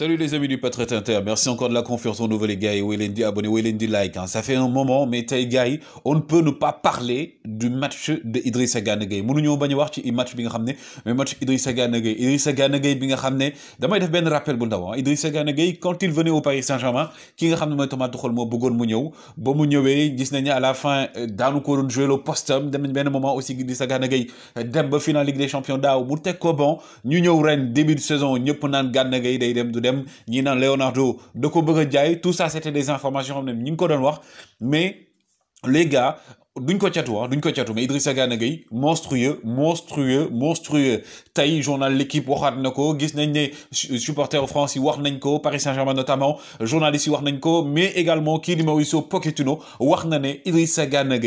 Salut les amis du Patriot Inter, merci encore de la confiance renouvelée les gars, et Welendi abonné, Welendi like. Hein. Ça fait un moment, mais tay gars, on ne peut ne pas parler du match de Idrissa Gana Gueye. Mënuñu bañ wax ci match bi nga xamné, mais match Idrissa Gana Gueye, Idrissa Gana Gueye bi nga xamné, damay def ben rappel bu ndaw. Hein. Idrissa Gueye quand il venait au Paris Saint-Germain, ki nga xamné moy Thomas Tuchel mo bëggoon mu ñëw, ba mu ñëwé gis nañu à la fin euh, dans ko doon jouer le poste, dem nañ ben moment aussi Idrissa Gana Gueye dem ba finale Ligue des Champions daaw, mu tek ko bon, ñu ñëw ren début de saison ñëpp naan Gana Gueye day dem du nina Leonardo de ko bëgg tout ça c'était des informations même mais les gars duñ ko catu d'une ah, duñ ko mais Idrissa monstrueux monstrueux monstrueux Taï journal l'équipe waxaat nako gis nañ supporters France yi Paris Saint-Germain notamment journaliste yi mais également kii di Poketuno. Pochettino wax Idrissa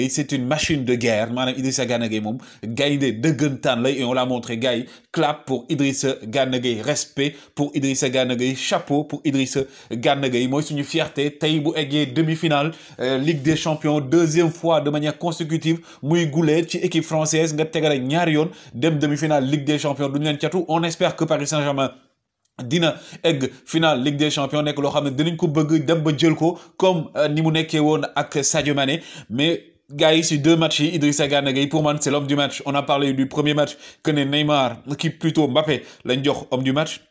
c'est une machine de guerre madame Idrissa Gana Gueye mom Guntan, et on l'a montré gars clap pour Idrissa Gana respect pour Idrissa Gana chapeau pour Idrissa Gana Moi, moy suñu fierté Taï, bu demi-finale euh, Ligue des champions deuxième fois de manière consécutive muy goulée ci équipe française nga tegale ñaar yoon dem demi-finale Ligue des champions duñ leen ciatu on espère que Paris Saint-Germain dina egg finale Ligue des Champions nek lo xamné dinañ ko comme euh, ni mu et won ak Sadio Mané mais gars c'est deux matchs Idrissa pour moi c'est l'homme du match on a parlé du premier match que Neymar qui plutôt Mbappé lañ homme du match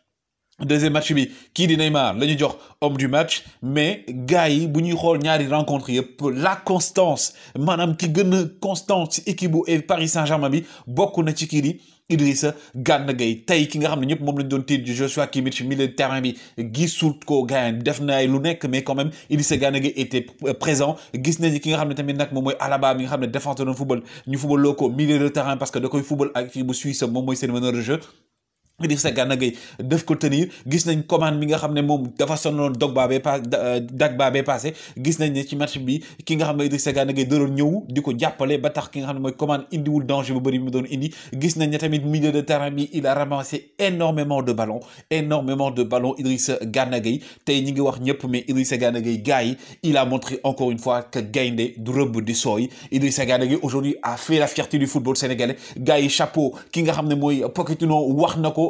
deuxième match bi kii di Neymar lañu jox homme du match mais gaay yi bu ñuy ñaari rencontre yëpp la constance manam ki gëna constance ci équipe bu Paris Saint-Germain bi bokku na ci kii di Idrissa Gana Gueye tay ki nga xamne ne ñëpp moom lañ doon tiit Joshua Kimmich milieu de terrain bi gisul ko gaay def na ay lu nekk mais quand même Idrissa Gana Gueye était présent gis nañu ki nga xamne tamit nak mom moy Alaba mi nga xamne défenseur de football ñu football loo milieu de terrain parce que da koy football ak fi bu Suisse mom moy seen meneur de jeu Idriss Gana Gueye def ko tenir gis nañ commande bi nga xam mom dafa sonaloon Drogba bee pa Drogba euh, bee passé gis nañ ci match bi ki nga xam ne Idrissa Gana Gueye doon ñëw di ko ba tax ki nga xam moy mooy indi wul danger bu bari bi mu doon indi gis nañ ne tamit milieu de terrain bi il a ramassé énormément de ballons énormément de ballons Idriss Ganagay tay ñi ngi wax ñep mais Idriss Ganagay Gueye il a montré encore une fois que gaynde du rëbb di soy Idriss Ganagay aujourd'hui a fait la fierté du football sénégalais gars chapeau ki nga xam moy mooy Pochettino wax nako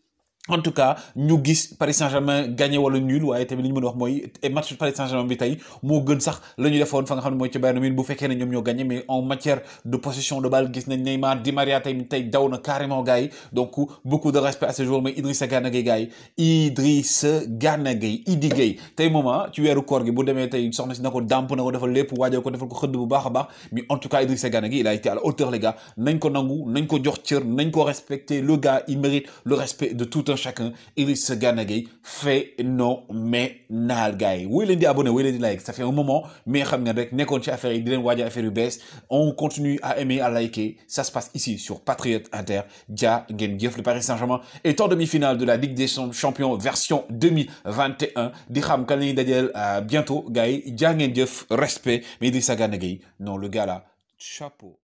en tout cas ñu gis Paris Saint-Germain gagné wala nul waye tamit li ñu mën a wax mooy match Paris Saint-Germain bi tay mo gën sax lañu ñu defoon fa nga xam moy ci Bayern Munich bu fekkee né ñom ñoo gagné mais en matière de possession de balle gis nañ Neymar Di Maria tay tay daw na carrément gars donc beaucoup de respect à ce joueur mais Idrissa Gana gay gars yi Idrissa Gana Idi Gueye tey moment ah, ci wéru koor gi bu démé tay soxna ci nako damp dàmp na ko defal lépp waajal ko defal ko xëdd bu baaxa baax mais en tout cas Idrissa Gana il a été à la hauteur les gars nañ ko nangu nañ ko jox cër nañ ko respecter le gars il mérite le respect de tout un chacun. Idrissa Gana phénoménal gars Oui wuy di abonné wuy leen like ça fait un moment mais xam nga rek nekkoon ci affaire yi di leen waaj affaire on continue à aimer à liker ça se passe ici sur Patriote Inter Dia ngeen jëf le Paris Saint-Germain est en demi-finale de la Ligue des Champions version 2021 di xam kan euh, bientôt gars Dia ngeen respect mais Idrissa Gana non le gars là chapeau